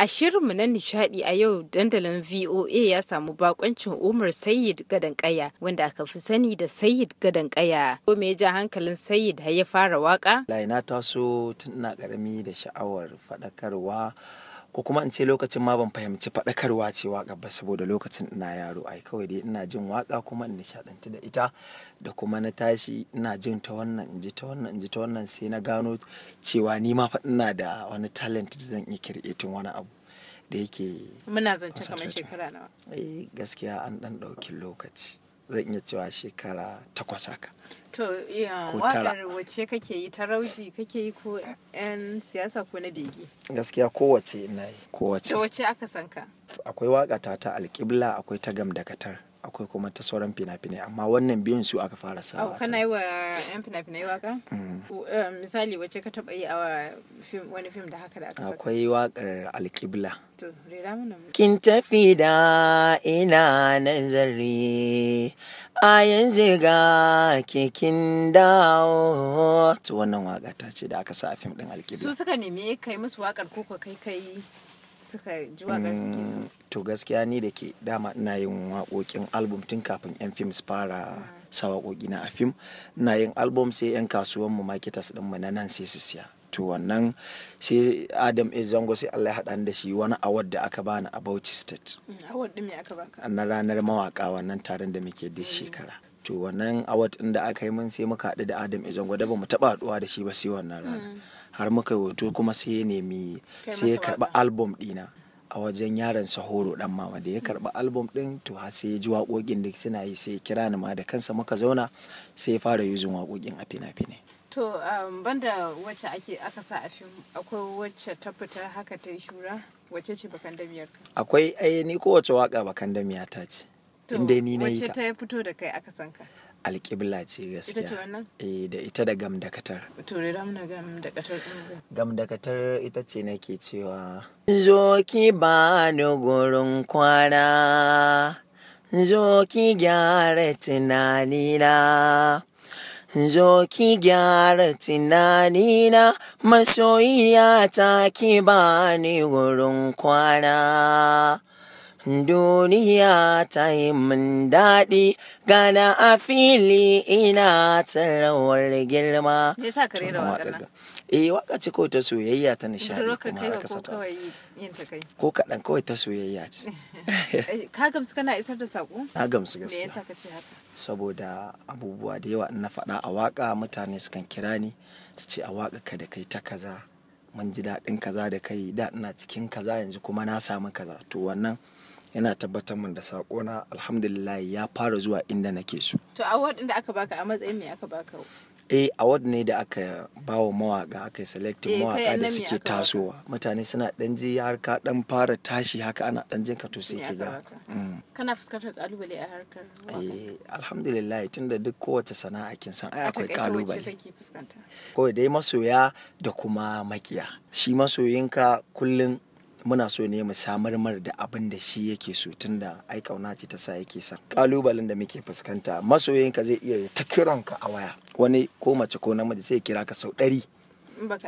A shirinmu na nishadi a yau dandalin VOA ya samu bakoncin Umar Sayyid Gadankaya wanda aka fi sani da Sayyid Gadankaya. Ko me ya ja hankalin Sayyid har ya fara waka? Lai na taso tun ina karami da sha'awar faɗakarwa ko kuma in ce lokacin ma ban fahimci faɗakarwa ce waka ba saboda lokacin ina yaro ai kawai dai ina jin waka kuma in nishaɗantu da ita da kuma na tashi ina jin ta wannan in ji ta wannan in ji ta wannan sai na gano cewa ni ma fa ina da wani talent da zan iya kirɗetin wani abu da yake muna zance kamar shekara nawa eh gaskiya an ɗan ɗaukin lokaci zan iya cewa shekara takwas haka to iya wakar wacce kake yi ta rauji kake yi ko yan siyasa ko na bege gaskiya kowace na yi kowace to wacce aka sanka. akwai waƙa ta ta alƙibla akwai ta gam katar. akwai kuma ta sauran fina-finai amma wannan biyun su aka fara sa kana yi wa yan fina-finai waka mm. eh, misali wacce ka taba yi a wani fim da haka da aka saka akwai wakar alkibla kin tafi da ina nazari a yanzu ga kekin dawo to wannan waka ta ce da aka sa a fim din alkibla su suka nemi kai musu wakar ko kai kai suka ji wa gaskiya mm, to gaskiya ni da ke dama ina yin waƙoƙin album tun kafin yan fim su fara mm. sa waƙoƙi na a fim ina yin album sai yan kasuwan mu marketers din mu na nan sai su siya to wannan sai adam e zango sai allah ya haɗa da shi wani award da aka bani a bauchi state mm, award din me aka baka na ranar mawaka wannan taron da muke da shekara to wannan awat din da aka yi mun sai muka haɗu da Adam gwada da mu taba haɗuwa da shi ba sai wannan rana mm. har muka yi hoto kuma sai ya nemi sai ya karɓi album ɗina a wajen yaron sahoro dan mama da ya karba album din to har sai ya ji waƙoƙin da suna yi sai kira ni ma da kansa muka zauna sai ya fara yuzin waƙoƙin a fina-finai to um, banda wacce ake aka sa a fim akwai wacce ta fita haka ta yi shura wacce ce bakan damiyar akwai ai ni kowace waka bakan damiya ta ce inda ni na yi ta ta fito da kai aka san ka alƙibla ce gaskiya ita ce wannan eh da ita da gam da katar to da gam da katar gam da katar ita ce nake cewa zo ki ba ni gurin kwana zo ki gyara tunanina Zo ki gyara tunanina masoyiya ta ki ba ni wurin kwana. Duniya ta yi min daɗi gana a fili ina tarawar girma. Me ka rera waƙar Eh waka ce kawai ta soyayya ta nishaɗi kuma aka sata. Ko kaɗan kawai ta soyayya ce. Eh, ka gamsu kana isar da saƙo? Na gamsu gaskiya. Me yasa ka ce haka? Saboda abubuwa da yawa na faɗa a waƙa mutane sukan kira ni su ce a waƙa ka da kai ta kaza. Mun ji daɗin kaza da kai da ina cikin kaza yanzu kuma na samu kaza to wannan yana tabbatar min da sakona alhamdulillah ya fara zuwa inda nake so to award din da aka baka a matsayin me aka baka eh award ne da aka bawa mawaka aka selectin eh, mawaka da suke tasowa mutane suna dan ji har ka dan fara tashi haka ana dan jinka to sai ki ga mm. kana fuskantar kalubale a harkar eh alhamdulillah tunda duk kowace sana'a kin san ai akwai kalubale Kowa dai masoya da kuma makiya shi masoyinka kullun muna so ne mu samar mar da abin da shi yake so tunda ai kauna ce ta sa yake sa kalubalen da muke fuskanta masoyin ka zai iya ta kiran ka a waya wani ko mace ko namiji sai kira ka sau ɗari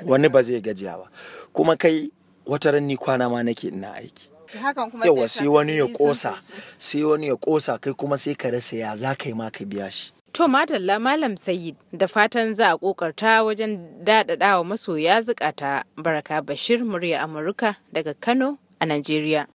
wani ba zai gajiya ba kuma kai wata ranni kwana ma nake ina aiki yawa sai wani ya kosa sai wani ya kosa kai kuma sai ka rasa ya za ka yi ma ka biya shi To madalla Malam Sayyid da fatan za a kokarta wajen daɗaɗawa masoya zukata Baraka Bashir murya Amurka daga Kano a Najeriya.